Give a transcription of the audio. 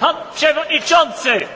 Pan Przewodniczący!